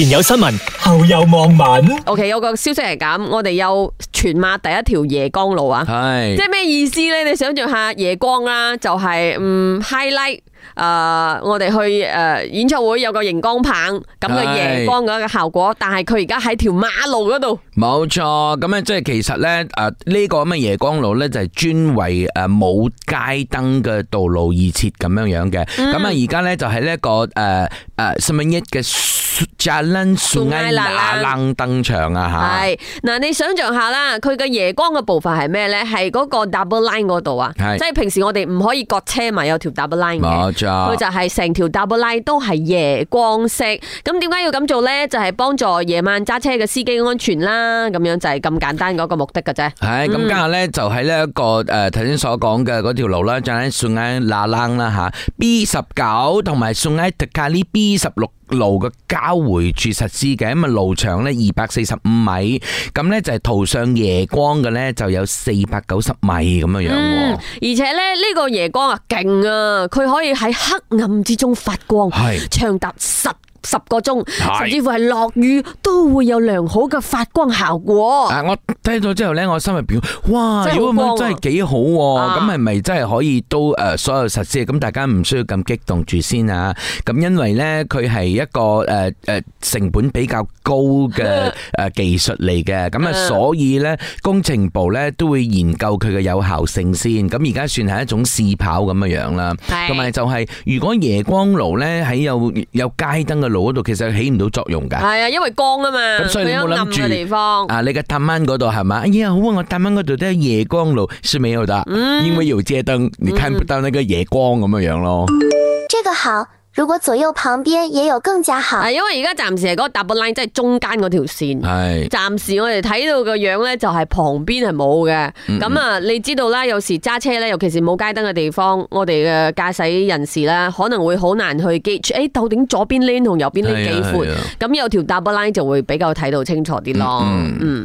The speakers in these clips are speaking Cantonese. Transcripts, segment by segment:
前有新聞，後有網民。OK，有個消息係咁，我哋有全馬第一條夜光路啊，係是，即係咩意思咧？你想象下，夜光啦、啊，就係、是、嗯 highlight。High 誒，我哋去誒演唱會有個熒光棒咁嘅夜光嘅效果，但係佢而家喺條馬路嗰度。冇錯，咁啊，即係其實咧，誒呢個咁嘅夜光路咧就係專為誒冇街燈嘅道路而設咁樣樣嘅。咁啊，而家咧就係呢一個誒誒，什麼嘢嘅 Jalen Suai Na 冷登場啊吓。係，嗱你想象下啦，佢嘅夜光嘅部分係咩咧？係嗰個 double line 嗰度啊，即係平時我哋唔可以割車咪有條 double line 嘅。佢就係成條 double line 都係夜光色，咁點解要咁做咧？就係、是、幫助夜晚揸車嘅司機安全啦，咁樣就係咁簡單嗰個目的嘅啫。係、嗯，咁今日咧就喺呢一個誒，頭、呃、先所講嘅嗰條路啦，就喺索埃納楞啦吓，B 十九同埋索埃特卡里 B 十六。路嘅交匯處實施嘅，咁啊路長咧二百四十五米，咁咧就係塗上夜光嘅咧就有四百九十米咁樣樣。嗯，而且咧呢個夜光啊勁啊，佢可以喺黑暗之中發光，係長達十。十個鐘，甚至乎係落雨都會有良好嘅發光效果。啊！我聽咗之後咧，我心入邊哇，如果咁真係幾好，咁係咪真係可以都誒所有實施？咁大家唔需要咁激動住先啊！咁因為咧，佢係一個誒誒成本比較高嘅誒技術嚟嘅，咁啊，所以咧工程部咧都會研究佢嘅有效性先。咁而家算係一種試跑咁嘅樣啦，同埋就係如果夜光路咧喺有有街燈嘅路。度其實起唔到作用噶，係啊， 因為光啊嘛，咁所以你冇諗住地方啊，你嘅探灣嗰度係嘛？哎呀，好啊，我探灣嗰度都有夜光路，是沒有的，嗯、因為有街燈，你看不到那個夜光咁樣樣咯。嗯嗯、這個好。如果左右旁邊也有更加好，因為而家暫時係嗰個 double line 即係中間嗰條線，係暫時我哋睇到個樣咧就係旁邊係冇嘅，咁啊你知道啦，有時揸車咧，尤其是冇街燈嘅地方，我哋嘅駕駛人士咧可能會好難去 gauge，誒、哎，到底左邊 lane 同右邊 lane 幾闊，咁、啊啊、有條 double line 就會比較睇到清楚啲咯，嗯,嗯。嗯嗯、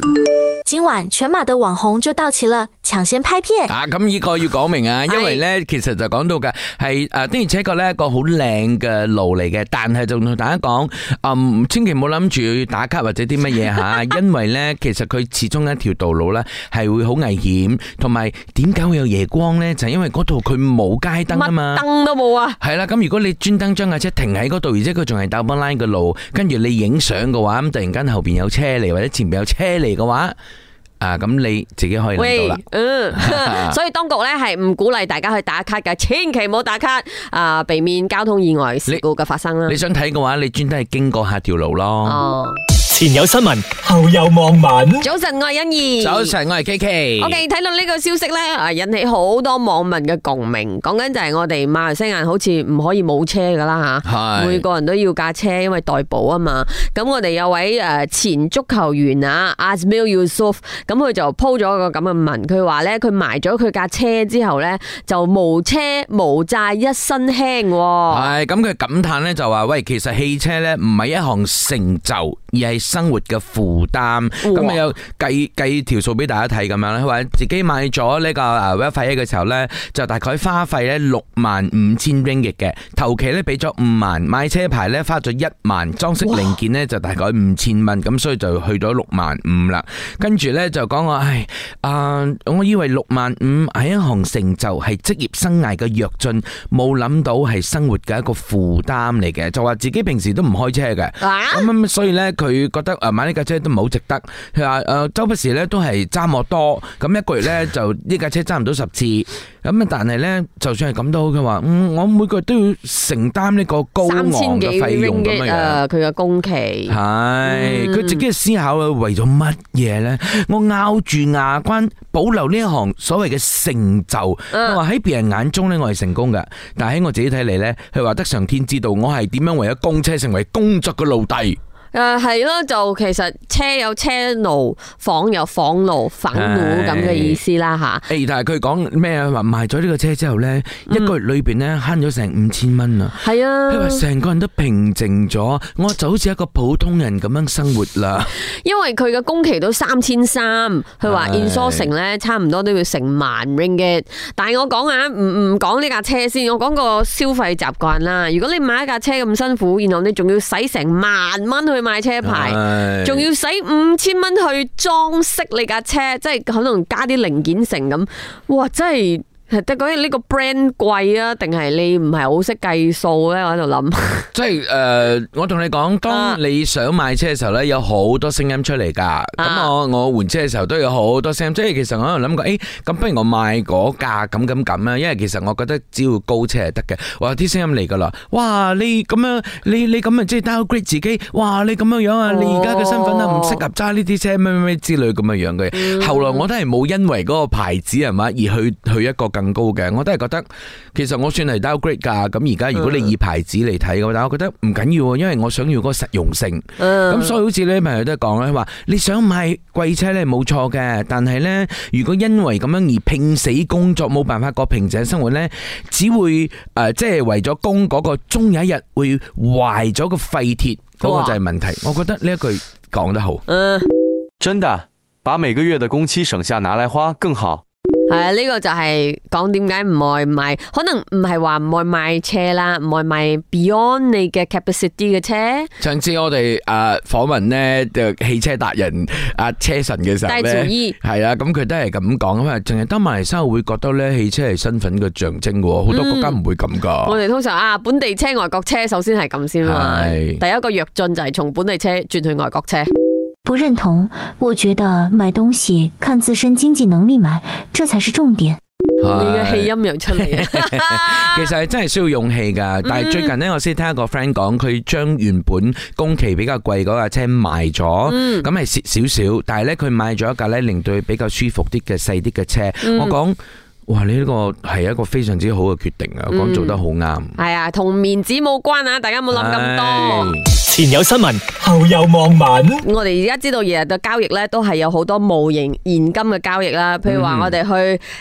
今晚全馬的網紅就到齊啦。搶先拍片啊！咁、這、呢個要講明、呃嗯、打打啊，因為呢其實就講到噶係誒，的而且確呢一個好靚嘅路嚟嘅，但係就同大家講，嗯，千祈唔好諗住打卡或者啲乜嘢吓，因為呢其實佢始終一條道路呢係會好危險，同埋點解會有夜光呢？就係、因為嗰度佢冇街燈啊嘛，燈都冇啊！係啦，咁如果你專登將架車停喺嗰度，而且佢仲係 double line 嘅路，跟住你影相嘅話，咁突然間後邊有車嚟或者前面有車嚟嘅話。啊，咁你自己可以去到啦。嗯， 所以當局咧係唔鼓勵大家去打卡嘅，千祈唔好打卡啊，避免交通意外事故嘅發生啦。你想睇嘅話，你專登係經過下條路咯。哦。前有新聞，後有網民。早晨，我係欣怡。早晨，我係 K K。O K，睇到呢個消息咧，啊引起好多網民嘅共鳴。講緊就係我哋馬來西亞人好似唔可以冇車噶啦吓，係，每個人都要架車，因為代步啊嘛。咁我哋有位誒前足球員啊，Asmil Yusof，咁佢就鋪咗個咁嘅文，佢話咧佢埋咗佢架車之後咧，就無車無債一身輕。係咁，佢感嘆咧就話喂，其實汽車咧唔係一項成就，而係。生活嘅負擔，咁咪哇有計計條數俾大家睇咁樣，佢話自己買咗呢個誒 Vellfire 嘅時候呢，就大概花費呢六萬五千 ringgit 嘅，頭期呢，俾咗五萬，買車牌呢，花咗一萬，裝飾零件呢，就大概五千蚊，咁哇所以就去咗六萬五啦。跟住呢，就講我，唉，啊、呃，我以為六萬五係一項成就，係職業生涯嘅躍進，冇諗到係生活嘅一個負擔嚟嘅，就話自己平時都唔開車嘅，咁、啊嗯、所以咧佢。覺得誒買呢架車都唔好值得，佢話誒周不時咧都係揸我多，咁一個月咧就呢架車揸唔到十次，咁啊但係咧就算係咁都好，佢話嗯我每個月都要承擔呢個高昂嘅費用咁樣樣，佢嘅工期係佢自己嘅思考啊為咗乜嘢咧？我咬住牙關保留呢一行所謂嘅成就，佢話喺別人眼中咧我係成功嘅，但係喺我自己睇嚟咧佢話得上天知道我係點樣為咗公車成為工作嘅奴隸。誒，係咯，就其實車有車奴，房有房奴，反老咁嘅意思啦吓。但係佢講咩啊？買咗呢個車之後呢，嗯、一個月裏邊呢，慳咗成五千蚊啊！係啊，佢話成個人都平靜咗，我就好似一個普通人咁樣生活啦。因為佢嘅工期都三千三，佢話 insurance 差唔多都要成萬 ringgit。但係我講下，唔唔講呢架車先，我講個消費習慣啦。如果你買一架車咁辛苦，然後你仲要使成萬蚊去。買車牌，仲要使五千蚊去裝飾你架車，即係可能加啲零件成咁，哇！真係～即係嗰啲呢個 brand 貴啊，定係你唔係好識計數咧？我喺度諗。即係誒，我同你講，當你想買車嘅時候咧，有好多聲音出嚟噶。咁我我換車嘅時候都有好多聲音。即係其實我喺度諗過，誒，咁不如我賣嗰架咁咁咁啊？因為其實我覺得只要高車就得嘅。哇，啲聲音嚟噶啦！哇，你咁樣，你你咁啊，即係 downgrade 自己。哇，你咁樣樣啊？你而家嘅身份啊，唔適合揸呢啲車咩咩咩之類咁嘅樣嘅。後來我都係冇因為嗰個牌子係嘛而去去一個更。咁高嘅，我都係覺得，其實我算係 low grade 噶咁而家如果你以牌子嚟睇嘅話，我覺得唔緊要，因為我想要嗰個實用性。咁所以好似呢朋友都係講咧，話你想買貴車咧冇錯嘅，但係呢，如果因為咁樣而拼死工作，冇辦法過平靜生活呢，只會誒即係為咗供嗰個終有一日會壞咗個廢鐵，嗰個就係問題。我覺得呢一句講得好。真的，把每個月的工資省下拿來花更好。係啊，呢、這個就係講點解唔愛買，可能唔係話唔愛買車啦，唔愛買 beyond 你嘅 capacity 嘅車。上次我哋誒、呃、訪問咧汽車達人阿車神嘅時候咧，係啊，咁佢都係咁講，啊，淨係得馬來西亞會覺得咧汽車係身份嘅象徵，好多國家唔會咁噶、嗯。我哋通常啊，本地車外國車，首先係咁先啦，是第一個躍進就係從本地車轉去外國車。不認同，我覺得買東西看自身經濟能力買，這才是重點。你嘅個氣音又出嚟， 其實係真係需要勇氣噶。嗯、但係最近呢，我先聽一個 friend 講，佢將原本工期比較貴嗰架車賣咗，咁係蝕少少。但係呢，佢買咗一架呢，令到佢比較舒服啲嘅細啲嘅車。我講哇，你、這、呢個係一個非常之好嘅決定我、嗯、啊！講做得好啱，係啊，同面子冇關啊，大家冇諗咁多。前有新聞，後有網民。我哋而家知道，日日嘅交易咧都係有好多無形現金嘅交易啦。譬如話，我哋去，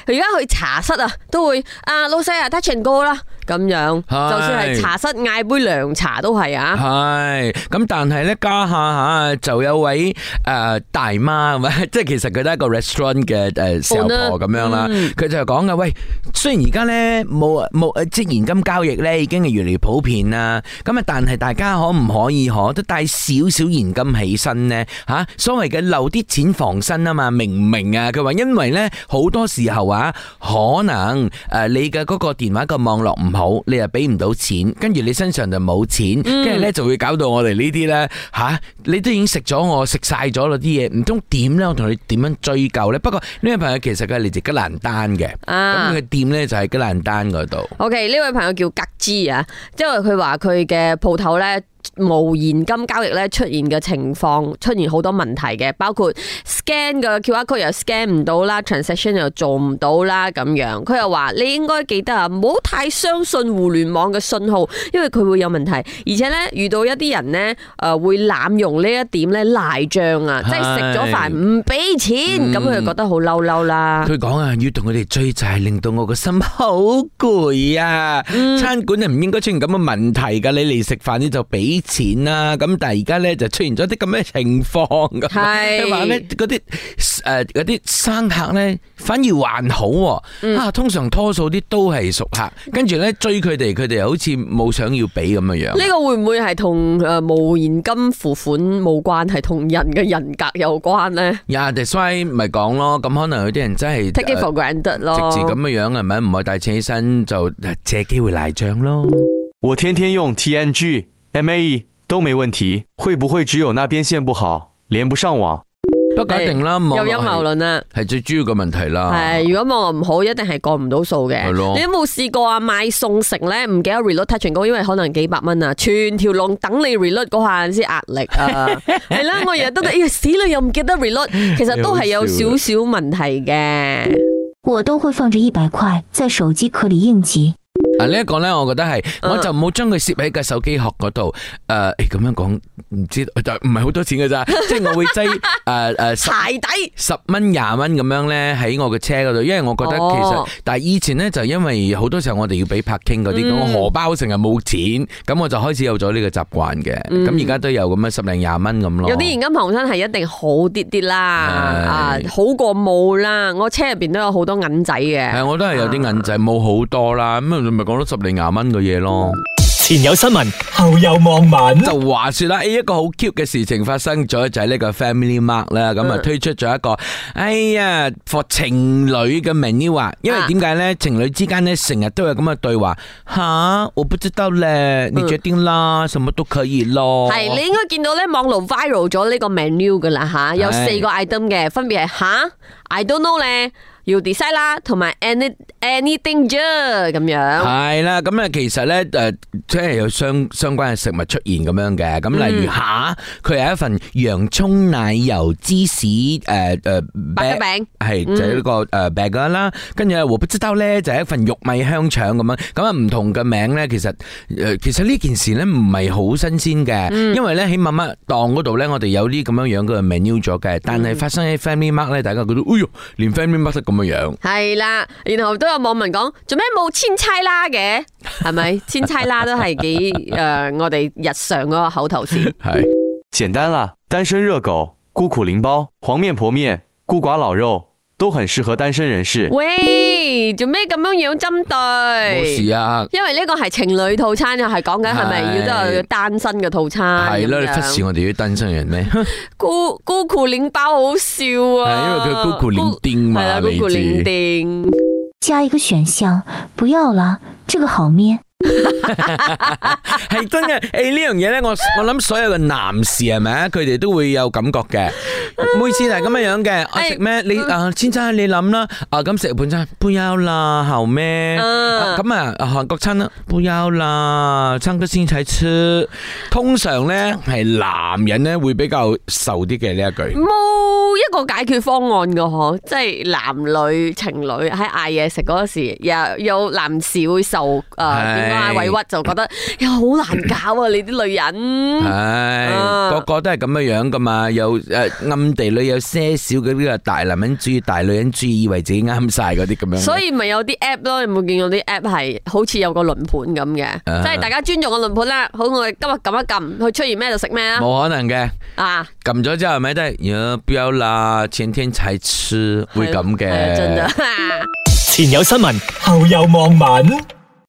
而家、嗯、去茶室啊，都會啊，老細啊，touch and go 啦。咁樣，就算係茶室嗌杯涼茶都係啊！係咁，但係咧家下吓，就有位誒大媽，係咪，即係其實佢都係一個 restaurant 嘅誒小婆咁樣啦。佢就講啊，喂，雖然而家咧冇冇即係現金交易咧，已經係越嚟越普遍啦。咁啊，但係大家可唔可以可都帶少少現金起身呢？吓，所謂嘅留啲錢防身啊嘛，明唔明啊？佢話因為咧好多時候啊，可能誒你嘅嗰個電話個網絡唔。冇，你又俾唔到錢，跟住你身上就冇錢，跟住咧就會搞到我哋呢啲咧，嚇，你都已經食咗我食晒咗嗰啲嘢，唔通點咧？我同你點樣追究咧？不過呢位朋友其實佢係嚟自吉蘭丹嘅，咁佢、啊、店咧就喺吉蘭丹嗰度。OK，呢位朋友叫吉之啊，即係佢話佢嘅鋪頭咧。無現金交易咧出現嘅情況，出現好多問題嘅，包括 scan 嘅 QR code 又 scan 唔到啦，transaction 又做唔到啦，咁樣佢又話你應該記得啊，唔好太相信互聯網嘅信號，因為佢會有問題，而且咧遇到一啲人咧誒會濫用呢一點咧賴賬啊，即係食咗飯唔俾錢，咁佢就覺得好嬲嬲啦。佢講啊，要同佢哋追債就係令到我個心好攰啊！餐館係唔應該出現咁嘅問題噶，你嚟食飯咧就俾。啲錢啊，咁但係而家咧就出現咗啲咁嘅情況，係話咧嗰啲誒嗰啲生客咧反而還好、嗯、啊。通常拖數啲都係熟客，跟住咧追佢哋，佢哋好似冇想要俾咁嘅樣。呢個會唔會係同誒冇現金付款冇關係，同人嘅人格有關咧？that's why 咪講咯，咁可能有啲人真係 take it for granted、呃、直接咁樣咯，直接咁嘅樣係咪？唔係但係企起身就借機會賴賬咯。我天，天天用 T N G。M A E 都沒問題，會不會只有那邊線不好，連不上網？不肯定啦，有陰謀論啦，係最主要嘅問題啦。係如果網絡唔好，一定係過唔到數嘅。的你有冇試過啊？買送食咧，唔記得 reload Touch 'n Go，因為可能幾百蚊啊，全條龍等你 reload 嗰下，先壓力啊。係啦， 我日日都得，哎呀死啦，又唔記得 reload，其實都係有少少問題嘅。 我都會放着一百塊在手機殼裏應急。呢一，啊，這個咧，我覺得係，我就冇將佢攝喺個手機殼嗰度。誒、呃，咁樣講，唔知，就唔係好多錢嘅咋？即係我會擠誒誒，呃啊，鞋底十蚊，廿蚊咁樣咧喺我嘅車嗰度，因為我覺得其實，哦，但係以前咧就因為好多時候我哋要俾拍傾嗰啲咁，我荷，嗯、包成日冇錢，咁我就開始有咗呢個習慣嘅。咁而家都有咁樣十零廿蚊咁咯。有啲現金旁身係一定好啲啲啦，嗯啊，好過冇啦。我車入邊都有好多銀仔嘅。我都係有啲銀仔冇好多啦。咁攞咗十零廿蚊嘅嘢咯。前有新聞，後有網民。就話說啦，誒，一個好 cute 嘅事情發生咗，就係呢個 FamilyMart 啦，咁啊推出咗一個，哎呀，for 情侶嘅 menu。因為點解咧？情侶之間咧，成日都有咁嘅對話。吓，我不知道咧，你決定啦，什麼都可以咯。係，你應該見到咧網絡 viral 咗呢個 menu 噶啦吓，有四個 item 嘅，分別係吓，I don't know 咧。要 decide 啦，同埋 any anything 咁樣。係啦，咁啊，其實咧誒，即係有相相關嘅食物出現咁樣嘅，咁例如蝦，佢係一份洋葱奶油芝士誒誒餅，係就係一個誒 bagger 啦，跟住胡蘿蔔汁包咧就係一份玉米香腸咁樣，咁啊唔同嘅名咧，其實誒，其實呢件事咧唔係好新鮮嘅，因為咧喺麥麥檔嗰度咧，我哋有啲咁樣樣嘅 menu 咗嘅，但係發生喺 FamilyMart 咧，大家覺得哎喲，連 FamilyMart 都咁。咁樣係啦， 嗯、然後都有網民講，做咩冇千差啦嘅，係咪？ 千差啦都係幾誒，我哋日常嗰個口頭禪。係笑笑 簡單啦，單身熱狗，孤苦零包，黃面婆麵，孤寡老肉。都很適合單身人士。喂，做咩咁樣樣針對？冇事啊，因為呢個係情侶套餐又係講緊係咪要要單身嘅套餐？係、就、啦、是，你忽視我哋啲單身人咩？ 孤孤苦伶包好笑啊，係因為佢孤苦伶仃嘛，你知。加一個選項，不要啦，這個好咩？係真嘅，誒呢樣嘢咧，我我諗所有嘅男士係咪啊，佢哋都會有感覺嘅。每次係咁樣樣嘅，食咩？你啊，先生你諗啦，啊咁食日本餐，半腰啦後咩？咁啊，韓國餐啦，半腰啦，餐都先齊出。通常咧係男人咧會比較瘦啲嘅呢一句，冇一個解決方案噶呵，即係男女情侶喺嗌嘢食嗰時，有有男士會瘦啊，點解為？屈就覺得又好難搞啊！你啲女人，係個個都係咁嘅樣噶嘛？又誒暗地裏有些少嗰啲啊大男人主義、大女人主義，以為自己啱晒嗰啲咁樣。所以咪有啲 app 咯，你有冇見過啲 app 係好似有個輪盤咁嘅？即係大家尊重個輪盤啦。好，我哋今日撳一撳，佢出現咩就食咩啦。冇可能嘅啊！撳咗之後咪得，有表啦，前天才吃會咁嘅。真的，前有新聞，後有網民。